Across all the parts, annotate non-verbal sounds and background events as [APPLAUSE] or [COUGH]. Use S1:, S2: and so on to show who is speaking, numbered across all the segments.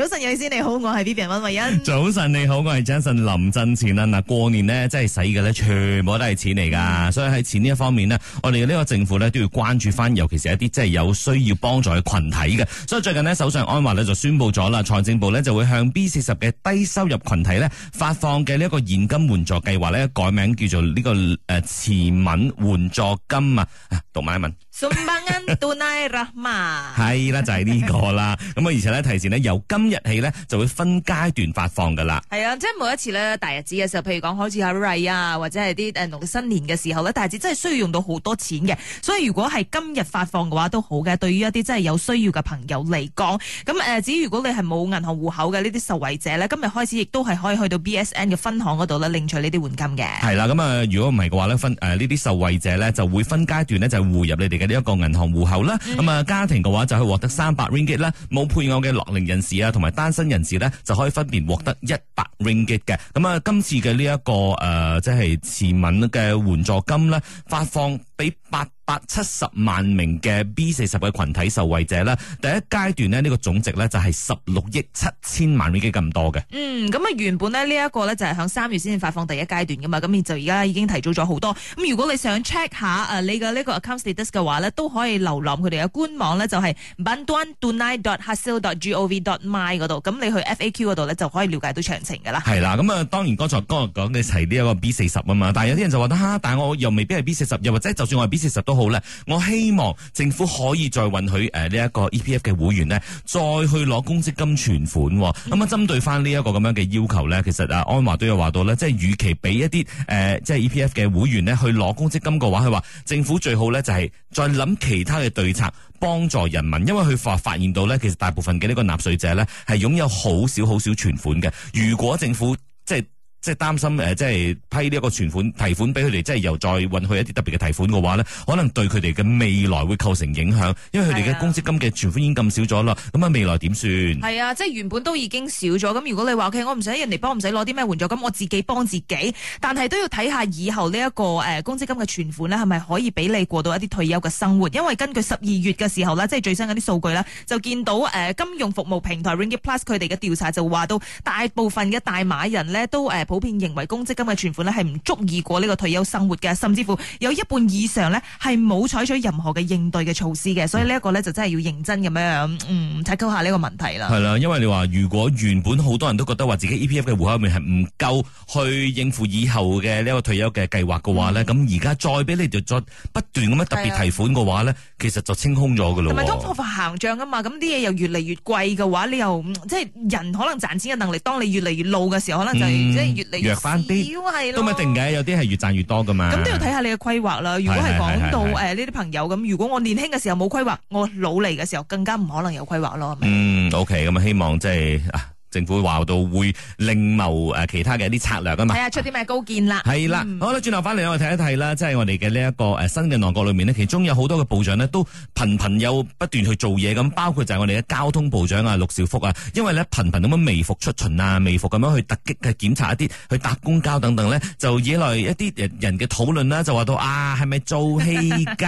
S1: 早
S2: 晨，有先你好，我係 B B 溫慧欣。早晨你好，我係 Jason 林振前啊！嗱，過年咧真係使嘅咧，全部都係錢嚟噶，所以喺錢呢一方面咧，我哋呢個政府咧都要關注翻，尤其是一啲即係有需要幫助嘅群體嘅。所以最近呢，首相安華咧就宣布咗啦，財政部咧就會向 B 四十嘅低收入群體咧發放嘅呢一個現金援助計劃咧改名叫做呢、這個誒慈、呃、敏援助金啊！讀埋一文。
S1: 送百銀到奈拉嘛？
S2: 係啦，就係呢個啦。咁啊，而且咧，提前咧由今日起咧就會分階段發放噶啦。
S1: 係啊，即係每一次咧大日子嘅時候，譬如講好似 Hari Raya 啊，或者係啲誒農曆新年嘅時候咧，大日子真係需要用到好多錢嘅。所以如果係今日發放嘅話都好嘅，對於一啲真係有需要嘅朋友嚟講。咁誒，至於如果你係冇銀行戶口嘅呢啲受惠者咧，今日開始亦都係可以去到 BSN 嘅分行嗰度咧領取呢啲現金嘅。
S2: 係啦，咁啊，如果唔係嘅話咧分、誒呢啲受惠者咧就會分階段咧就匯入你哋嘅。一個銀行戶口啦，咁啊，家庭嘅話就可以獲得三百 ringgit 啦，冇配偶嘅樂齡人士啊，同埋單身人士咧就可以分別獲得一百 ringgit 嘅，咁啊今次嘅呢一個誒、呃、即係慈文嘅援助金咧發放俾八。百七十萬名嘅 B 四十位群體受惠者呢，第一階段呢，呢、這個總值呢，就係十六億七千萬美金咁多嘅。嗯，
S1: 咁啊原本呢，呢一個呢，就係響三月先至發放第一階段㗎嘛，咁就而家已經提早咗好多。咁如果你想 check 下啊你嘅呢個 account status 嘅話呢，都可以瀏覽佢哋嘅官網呢，就係 bantuan dot hasil dot gov dot my 嗰度。咁你去 FAQ 嗰度呢，就可以了解到詳情㗎啦。係
S2: 啦，咁啊當然剛才剛講嘅係呢一個 B 四十啊嘛，但有啲人就話得嚇，但我又未必係 B 四十，又或者就算我係 B 四十都。好咧，我希望政府可以再允許呢一個 E P F 嘅會員呢，再去攞公積金存款、哦。咁啊、嗯，針對翻呢一個咁樣嘅要求呢，其實啊，安華都有話到呢，即係與其俾一啲、呃、即係 E P F 嘅會員呢去攞公積金嘅話，佢話政府最好呢就係再諗其他嘅對策幫助人民，因為佢發發現到呢，其實大部分嘅呢個納稅者呢，係擁有好少好少存款嘅。如果政府即係即係擔心誒、呃，即係批呢一個存款提款俾佢哋，即係又再允許一啲特別嘅提款嘅話呢，可能對佢哋嘅未來會構成影響，因為佢哋嘅公積金嘅存款已經咁少咗啦，咁啊未來點算？
S1: 係啊，即係原本都已經少咗，咁如果你話我唔使人哋幫，唔使攞啲咩援助金，咁我自己幫自己，但係都要睇下以後呢、這、一個公積、呃、金嘅存款呢係咪可以俾你過到一啲退休嘅生活？因為根據十二月嘅時候呢，即係最新嗰啲數據呢，就見到誒、呃、金融服務平台 Ringgit Plus 佢哋嘅調查就話到大部分嘅大馬人呢都、呃普遍認為公積金嘅存款咧係唔足以過呢個退休生活嘅，甚至乎有一半以上咧係冇採取任何嘅應對嘅措施嘅，嗯、所以呢一個咧就真係要認真咁樣嗯，睇下呢個問題啦。係
S2: 啦，因為你話如果原本好多人都覺得話自己 EPF 嘅戶口入面係唔夠去應付以後嘅呢個退休嘅計劃嘅話呢，咁而家再俾你就再不斷咁樣特別提款嘅話呢，是的 其實就清空咗嘅咯。唔係
S1: 通貨膨脹啊嘛，咁啲嘢又越嚟越貴嘅話，你又即係人可能賺錢嘅能力，當你越嚟越老嘅時候，可能就越、嗯越嚟越少，弱翻啲，係咯，都唔一定
S2: 嘅，有啲係越賺越多噶嘛。咁都要睇
S1: 下你嘅規劃啦。如果係講到誒呢啲朋友咁，如果我年輕嘅時候冇規劃，我老嚟嘅時候更加唔可能有規劃咯。係
S2: 咪？嗯，OK，咁啊希望即係。啊政府話到會另謀其他嘅一啲策略啊嘛，係啊，出啲
S1: 咩高見啦？係啦、
S2: 啊，嗯、好啦，轉頭翻嚟我哋睇一睇啦，即、就、係、是、我哋嘅呢一個、啊、新嘅內閣裏面呢，其中有好多嘅部長呢，都頻頻有不斷去做嘢咁，包括就係我哋嘅交通部長啊，陸兆福啊，因為呢頻頻咁樣微服出巡啊，微服咁樣去突擊嘅檢查一啲去搭公交等等呢，就惹來一啲人嘅討論啦、啊，就話到啊，係咪做戲㗎？咁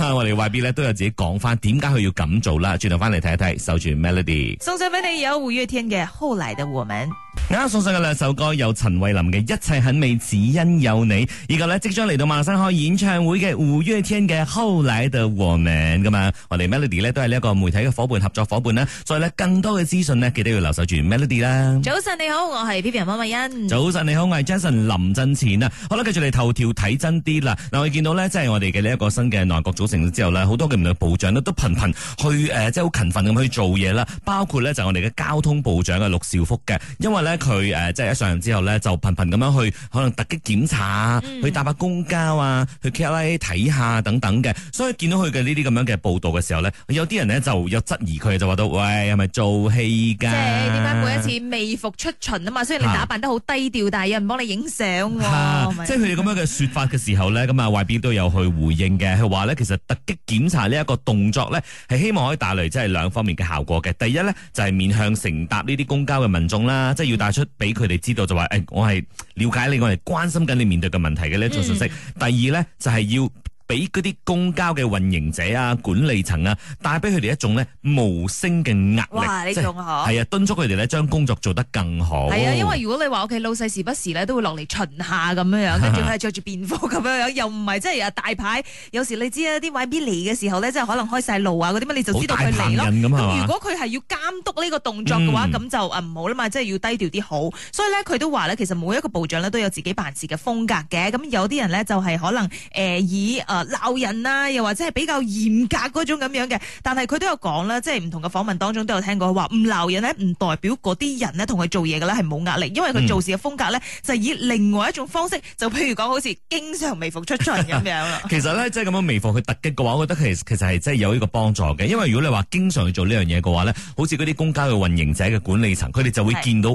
S2: 啊， [LAUGHS] 我哋外邊呢，都有自己講翻點解佢要咁做啦。轉頭翻嚟睇一睇，守住 Melody，送俾你
S1: 有嘅
S2: 《後來的我們》，啱、啊、送上嘅兩首歌，由陳慧琳嘅《一切很美只因有你》，以及即將嚟到開演唱會嘅五月天嘅《後來的我們》。我哋 Melody 都係呢一個媒體嘅夥伴合作夥伴啦，所以呢更多嘅資訊呢記得要留守住 Melody 啦。早晨你
S1: 好，我係
S2: P P R 方慧茵。早晨你好，我係 Jason 林振前啊。好啦，繼續嚟，頭條睇真啲啦。嗱，我哋見到呢，即係我哋嘅呢一個新嘅內閣組成之後咧，好多嘅唔同嘅部長都頻頻去誒、呃，即係好勤奮咁去做嘢啦。包括呢就係、我哋嘅交通。工部長嘅陸兆福嘅，因為咧佢誒，即係一上任之後咧，就頻頻咁樣去可能突擊檢查啊，去搭下公交啊，嗯、去 k 拉 v 睇下等等嘅，所以見到佢嘅呢啲咁樣嘅報道嘅時候咧，有啲人咧就有質疑佢，就話到喂係咪做戲噶？是是戲即係點解每一次
S1: 微服出巡啊嘛，雖然你打扮得好低調，啊、但係有人幫你影相。係，即係佢哋咁
S2: 樣嘅說法嘅時候咧，咁啊 [LAUGHS] 外邊都有去回應嘅，佢話咧其實突擊檢查呢一個動作咧係希望可以帶嚟即係兩方面嘅效果嘅，第一咧就係、是、面向成。搭呢啲公交嘅民眾啦，即係要帶出俾佢哋知道，就話誒，我係了解你，我係關心緊你面對嘅問題嘅呢種信息。嗯、第二咧就係、是、要。俾嗰啲公交嘅運營者啊、管理層啊，帶俾佢哋一種咧無聲嘅壓力，即係係啊，敦促佢哋咧將工作做得更好。係啊，因為
S1: 如果你話屋企老細時不時咧都會落嚟巡下咁樣樣，跟住佢係著住便服咁樣樣，又唔係即係啊大牌。有時你知啊，啲委員嚟嘅時候咧，即係可能開晒路啊嗰啲乜，你就知道佢嚟咯。咁如果佢係要監督呢個動作嘅話，咁、嗯、就唔好啦嘛，即係要低調啲好。所以咧，佢都話咧，其實每一個部長咧都有自己辦事嘅風格嘅。咁有啲人咧就係、是、可能誒、呃、以誒。呃鬧人啊，又或者係比較嚴格嗰種咁樣嘅，但係佢都有講啦，即係唔同嘅訪問當中都有聽過話，唔鬧人呢，唔代表嗰啲人呢同佢做嘢嘅咧係冇壓力，因為佢做事嘅風格呢就以另外一種方式，就譬如講好似經常微服出巡咁樣
S2: 啦。 [LAUGHS] 其實呢，即係咁樣微服去突擊嘅話，我覺得其其實係真係有呢個幫助嘅，因為如果你話經常去做呢樣嘢嘅話呢，好似嗰啲公交嘅運營者嘅管理層，佢哋就會見到，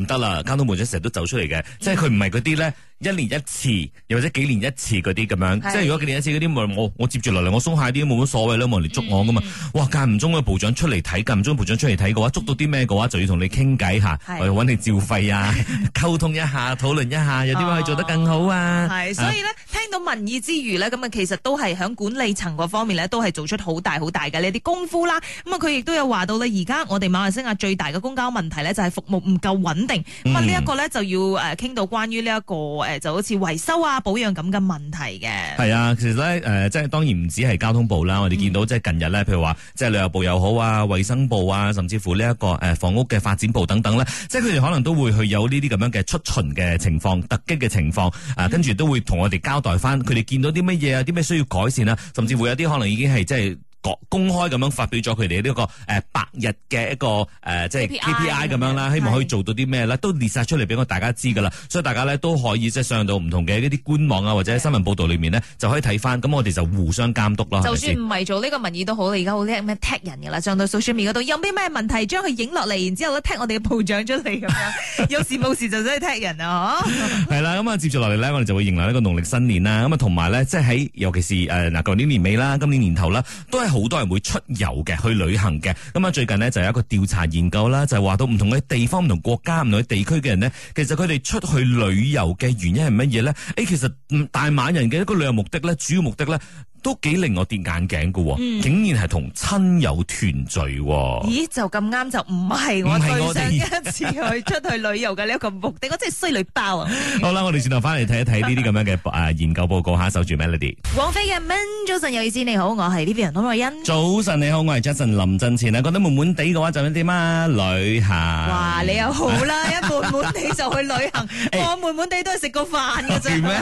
S2: 唔得啦，交通、哎、部長成日都走出嚟嘅，嗯、即係佢唔係嗰啲呢。一年一次，又或者幾年一次嗰啲咁樣，是即係如果幾年一次嗰啲，我我接住落嚟，我鬆下啲冇乜所謂啦，冇人嚟捉我㗎嘛。嗯、哇，間唔中嘅部長出嚟睇，間唔中部長出嚟睇嘅話，捉到啲咩嘅話，就要同你傾偈下，嚟是揾你照肺啊，溝是通一下，討論一下，有啲咩可以做得更好啊。係、哦，啊、所以呢，
S1: 聽到民意之餘呢，咁啊，其實都係響管理層嗰方面呢，都係做出好大好大嘅呢啲功夫啦。咁、嗯、啊，佢亦都有話到呢，而家我哋馬來西亞最大嘅公交問題呢，就係服務唔夠穩定。咁啊，呢一個呢，就要誒，傾到關於呢一個。誒，就好似維修啊、保養咁
S2: 嘅問題嘅。係啊，其實咧，誒、呃，即係當然唔止係交通部啦，我哋見到即係近日咧，譬如話即係旅遊部又好啊、衛生部啊，甚至乎呢一個誒房屋嘅發展部等等咧，即係佢哋可能都會去有呢啲咁樣嘅出巡嘅情況、突擊嘅情況啊，跟住都會同我哋交代翻，佢哋見到啲乜嘢啊，啲咩、嗯、需要改善啊，甚至會有啲可能已經係即係。公公開咁樣發表咗佢哋呢個白日嘅一個誒即、呃、係、就是、KPI 咁樣啦，希望可以做到啲咩咧，都列晒出嚟俾我大家知噶啦，的所以大家咧都可以即係上到唔同嘅呢啲官網啊，或者新聞報導裏面呢，的就可以睇翻。咁我哋就互相監督啦。就算
S1: 唔係做呢個民意都好啦，而家好叻咩踢人噶啦，上到 social media 度有啲咩問題，將佢影落嚟，然之後咧踢我哋嘅部長出嚟咁樣， [LAUGHS] 有事冇事就真係踢人啊！
S2: 嗬。 [LAUGHS] 係啦，咁啊，接住落嚟呢，我哋就會迎嚟呢個農曆新年啦。咁啊，同埋呢，即係喺尤其是誒嗱，舊、呃、年年尾啦，今年年頭啦，都係。好多人會出遊嘅，去旅行嘅。咁啊，最近呢，就有一個調查研究啦，就話到唔同嘅地方、唔同國家、唔同嘅地區嘅人呢，其實佢哋出去旅遊嘅原因係乜嘢呢？誒，其實大馬人嘅一個旅遊目的呢，主要目的呢。都幾令我跌眼鏡噶，竟然係同親友團聚。咦？
S1: 就咁啱就唔係我最近一次去出去旅遊嘅呢一個目的，我真係衰女包啊！
S2: 好啦，我哋轉頭翻嚟睇一睇呢啲咁樣嘅誒研究報告吓，守住 Melody。
S1: 王菲嘅 Man，早晨，有意思，你好，我係呢邊安若欣。
S2: 早晨你好，我係 Jason 林振前啊，覺得悶悶地嘅話就點啊？旅行哇，你又好
S1: 啦，一悶悶地就去旅行，我悶悶地都係食個飯嘅啫。咩？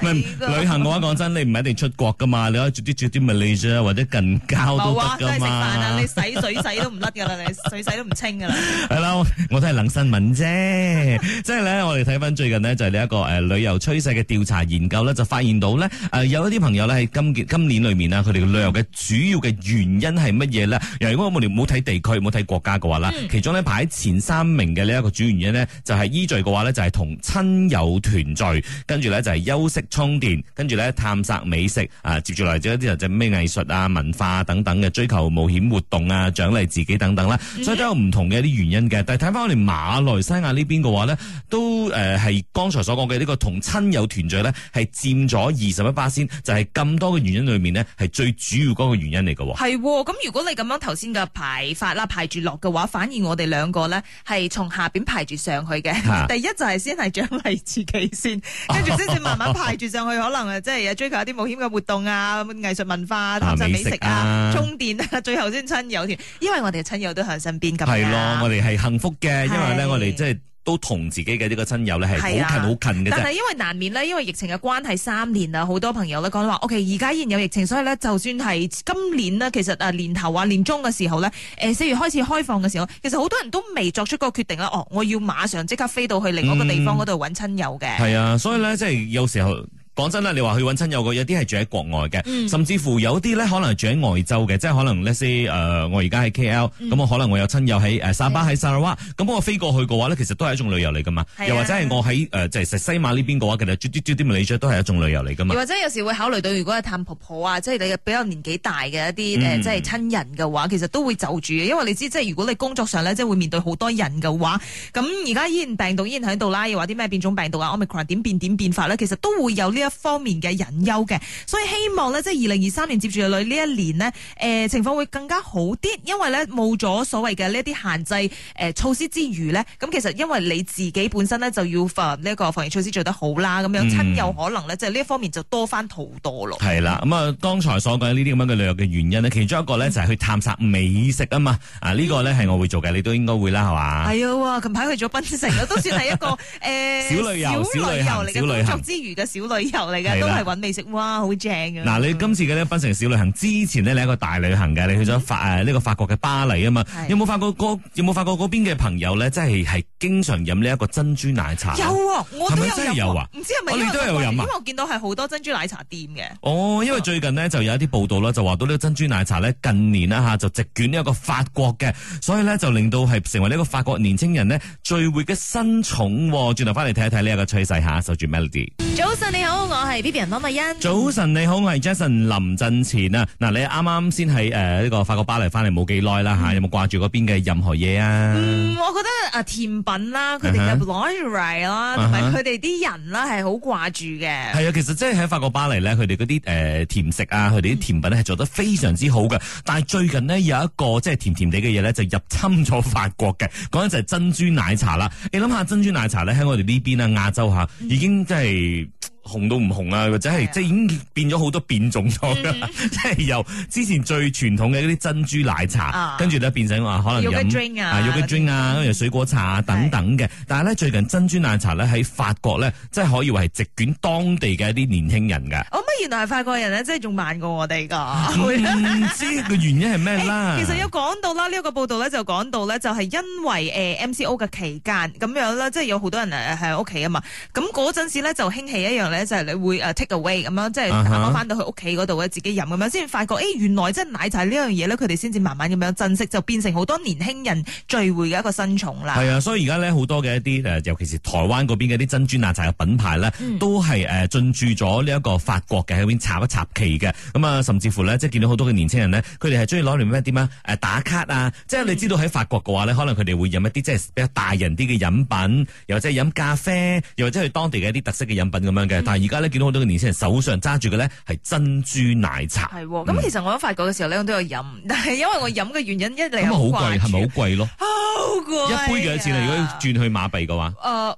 S2: 唔係旅行嘅話，講真，你唔係一定出國噶嘛？你可以做啲做啲馬來西亞啊，或者近郊都得噶嘛。冇啊，都係食飯啊！你洗
S1: 水洗都唔甩噶啦，
S2: 你水洗都唔清噶啦。係咯，我都係冷新聞啫。即係咧，我哋睇翻最近呢，就係呢一個誒旅遊趨勢嘅調查研究咧，就發現到咧，誒有一啲朋友咧喺今今年裏面啊，佢哋嘅旅遊嘅主要嘅原因係乜嘢咧？如果我哋唔好睇地區，唔好睇國家嘅話啦，其中咧排喺前三名嘅呢一個主要原因咧，就係依序嘅話咧，就係同親友團聚，跟住咧就係休息充電，跟住咧探索美食啊，住嚟即係啲人即咩藝術啊、文化、啊、等等嘅追求冒險活動啊、獎勵自己等等啦，嗯、所以都有唔同嘅一啲原因嘅。但係睇翻我哋馬來西亞呢邊嘅話呢，都誒係剛才所講嘅呢個同親友團聚呢，係佔咗二十一巴仙，就係、是、咁多嘅原因裏面呢，係最主要嗰個原因嚟㗎。係
S1: 咁，如果你咁樣頭先嘅排法啦，排住落嘅話，反而我哋兩個呢，係從下邊排住上去嘅。啊、第一就係先係獎勵自己先，跟住先至慢慢排住上去， [LAUGHS] 可能誒即係追求一啲冒險嘅活動啊。藝術文化、啊、美食啊，充電啊，最後先親友團，因為我哋嘅親友都向身邊咁。係咯，我
S2: 哋係幸福嘅，是因為咧，我哋即係都同自己嘅呢、這個親友咧係好近好近嘅。是啊、但係因
S1: 為難免呢，因為疫情嘅關係，三年啦，好多朋友咧講話，OK，而家依然有疫情，所以咧，就算係今年呢，其實啊，年頭啊，年中嘅時候咧，誒，四月開始開放嘅時候，其實好多人都未作出個決定啦。哦，我要馬上即刻飛到去另外一個地方嗰度搵親友嘅。係、
S2: 嗯、啊，所以咧，即係有時候。講真啦，你話去搵親友嘅，有啲係住喺國外嘅，嗯、甚至乎有啲咧可能住喺外州嘅，即係可能呢啲、呃、我而家喺 KL，咁我可能我有親友喺誒沙巴喺砂拉哇，咁、嗯、我飛過去嘅話咧，其實都係一種旅遊嚟噶嘛。啊、又或者係我喺即係西馬呢邊嘅話，其實住啲住啲咪嚟咗，G G G、都係一種旅遊嚟噶嘛。又或
S1: 者有時候會考慮到，如果係探婆婆啊，即係你比較年紀大嘅一啲、嗯啊、即係親人嘅話，其實都會就住，因為你知即係如果你工作上咧，即係會面對好多人嘅話，咁而家依然病毒依然喺度啦，又話啲咩變種病毒啊，omicron 點變點變法咧，其實都會有呢一方面嘅隱憂嘅，所以希望呢，即係二零二三年接住嚟呢一年呢，誒、呃、情況會更加好啲，因為呢冇咗所謂嘅呢一啲限制誒、呃、措施之餘呢。咁其實因為你自己本身呢，就要防呢個個防疫措施做得好啦，咁樣、嗯、親友可能呢，即、就、呢、是、一方面就多翻好
S2: 多咯。係啦，咁、嗯嗯、啊，剛才所講呢啲咁樣嘅旅遊嘅原因呢，其中一個呢，就係、是、去探索美食啊嘛，嗯、啊呢、這個呢，係我會做嘅，你都應該會啦，係嘛、嗯？係啊吧，近
S1: 排去咗檳城 [LAUGHS] 都算係一個、呃、小旅遊小旅遊嚟嘅工作之餘嘅小旅遊。嚟噶，都係揾美食，哇，好正嘅。嗱，你
S2: 今次嘅呢，檳城小旅行之前呢，你係一個大旅行嘅，你去咗法誒，呢個、嗯、法國嘅巴黎啊嘛的，有冇發覺嗰有冇發覺嗰邊嘅朋友咧？即係係經常飲呢一個珍珠奶茶。有，我都有飲啊，唔知係咪我哋都有飲啊？喝因為我見到係好多珍珠奶茶店嘅。哦，因為最近呢，就有一啲報道啦，就話到呢個珍珠奶茶咧，近年啦吓就席捲呢一個法國嘅，所以咧就令到係成為呢個法國年青人呢，聚會嘅新寵。轉頭翻嚟睇一睇呢一個趨勢吓，守住 Melody。早晨
S1: 你好。我係 B B 人方佩欣。早
S2: 晨你好，我係 Jason 林振前啊。嗱，你啱啱先係誒呢個法國巴黎翻嚟冇幾耐啦吓，有冇掛住嗰邊嘅任何嘢啊？嗯，
S1: 我覺得啊甜品啦，佢哋嘅 luxury 啦，同埋佢哋啲人啦係好掛住嘅。係
S2: 啊哈，其實即係喺法國巴黎咧，佢哋嗰啲誒甜食啊，佢哋啲甜品咧係做得非常之好嘅。嗯、但係最近呢，有一個即係、就是、甜甜地嘅嘢咧就是、入侵咗法國嘅，講就係珍珠奶茶啦。你諗下珍珠奶茶咧喺我哋呢邊啊亞洲吓，已經即、就、係、是。嗯紅到唔紅啊！或者係的即係已經變咗好多變種咗，嗯、即係由之前最傳統嘅嗰啲珍珠奶茶，啊、跟住咧變成話可能有杯 drink 啊，有杯 drink 啊，水果茶，啊、等等嘅。的但係咧最近珍珠奶茶咧喺法國咧，即係可以話係席捲當地嘅一啲年輕人噶。
S1: 我乜、哦、原來係法國人咧，即係仲慢過我哋噶。唔、
S2: 嗯、 [LAUGHS] 知個原因係咩啦？其實有
S1: 講到啦，呢、這個報道咧就講到咧，就係因為誒 MCO 嘅期間咁樣啦，即係有好多人係喺屋企啊嘛。咁嗰陣時咧就興起一樣咧就係你會誒 take away 咁樣，即係打包翻到去屋企嗰度自己飲咁樣，先發覺，誒、欸、原來即係奶茶呢樣嘢咧，佢哋先至慢慢咁樣珍惜，就變成好多年輕人聚會嘅一個新寵啦。係啊，
S2: 所以而家咧好多嘅一啲尤其是台灣嗰邊嘅啲珍珠奶茶嘅品牌呢，嗯、都係誒進駐咗呢一個法國嘅喺邊插一插旗嘅。咁啊，甚至乎咧，即係見到好多嘅年輕人呢，佢哋係中意攞嚟咩點啊？誒打卡啊！嗯、即係你知道喺法國嘅話咧，可能佢哋會飲一啲即係比較大人啲嘅飲品，又或者係飲咖啡，又或者係當地嘅一啲特色嘅飲品咁樣嘅。嗯但而家呢，見到好多嘅年輕人手上揸住嘅咧係珍珠奶茶。係
S1: 喎，咁其實我都發覺嘅時候呢，我都有飲，但係因為我飲嘅原因一嚟好貴，係咪好貴咯？好
S2: 貴，一杯幾多錢？如果轉去馬幣嘅話，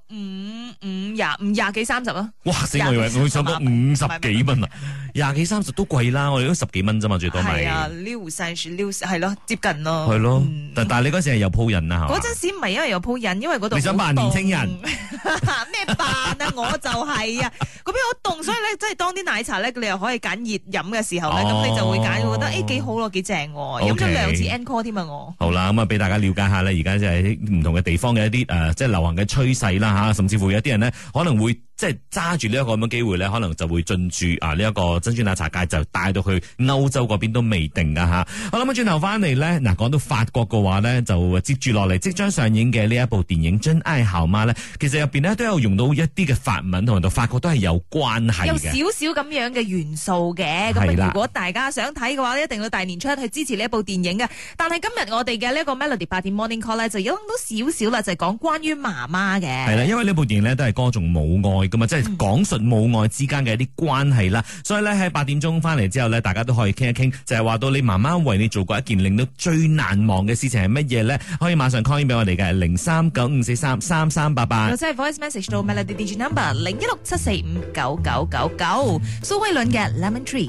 S1: 五五廿
S2: 五廿幾三十啦。哇！死我以為我收多五十幾蚊啊，廿幾三十都貴啦，我哋都十幾蚊啫嘛，最多咪。係啊，
S1: 溜曬雪溜，係咯，接近咯。係
S2: 咯，但但係你嗰陣時係有鋪癮啊？嗰
S1: 陣時唔係因為有鋪癮，因為嗰度你想扮年輕人咩扮啊？我就係啊！嗰邊好凍，所以咧，即係當啲奶茶咧，你又可以揀熱飲嘅時候咧，咁、哦、你就會揀，覺得誒幾、欸、好咯，幾正喎、啊！飲咗 Okay. 兩次 Encore 添啊，我
S2: 好啦，咁啊，俾大家了解下咧，而家即係啲唔同嘅地方嘅一啲誒，即、呃、係、就是、流行嘅趨勢啦吓、啊，甚至乎有啲人咧可能會。即係揸住呢一個咁嘅機會咧，可能就會進駐啊呢一、這個珍珠奶茶界，就帶到去歐洲嗰邊都未定㗎。吓！我諗翻轉頭翻嚟咧，嗱，講到法國嘅話咧，就接住落嚟即將上映嘅呢一部電影《真愛校媽》咧，其實入邊咧都有用到一啲嘅法文，同埋到法國都係有關係嘅，有少
S1: 少咁樣嘅元素嘅。咁如果大家想睇嘅話，一定要大年初一去支持呢一部電影嘅。但係今日我哋嘅呢個 Melody Party Morning Call 咧，就有咁多少少啦，就係講關於媽媽嘅。係啦，
S2: 因為呢部電影呢都係歌頌母愛。咁啊，即係講述母愛之間嘅一啲關係啦。所以咧，喺八點鐘翻嚟之後咧，大家都可以傾一傾，就係話到你媽媽為你做過一件令到最難忘嘅事情係乜嘢咧？可以馬上 call 俾我哋嘅零三九五四三三三八八，或者
S1: 係 voice message 到 Melody DJ number 零一六七四五九九九九，蘇慧倫嘅《Lemon Tree》。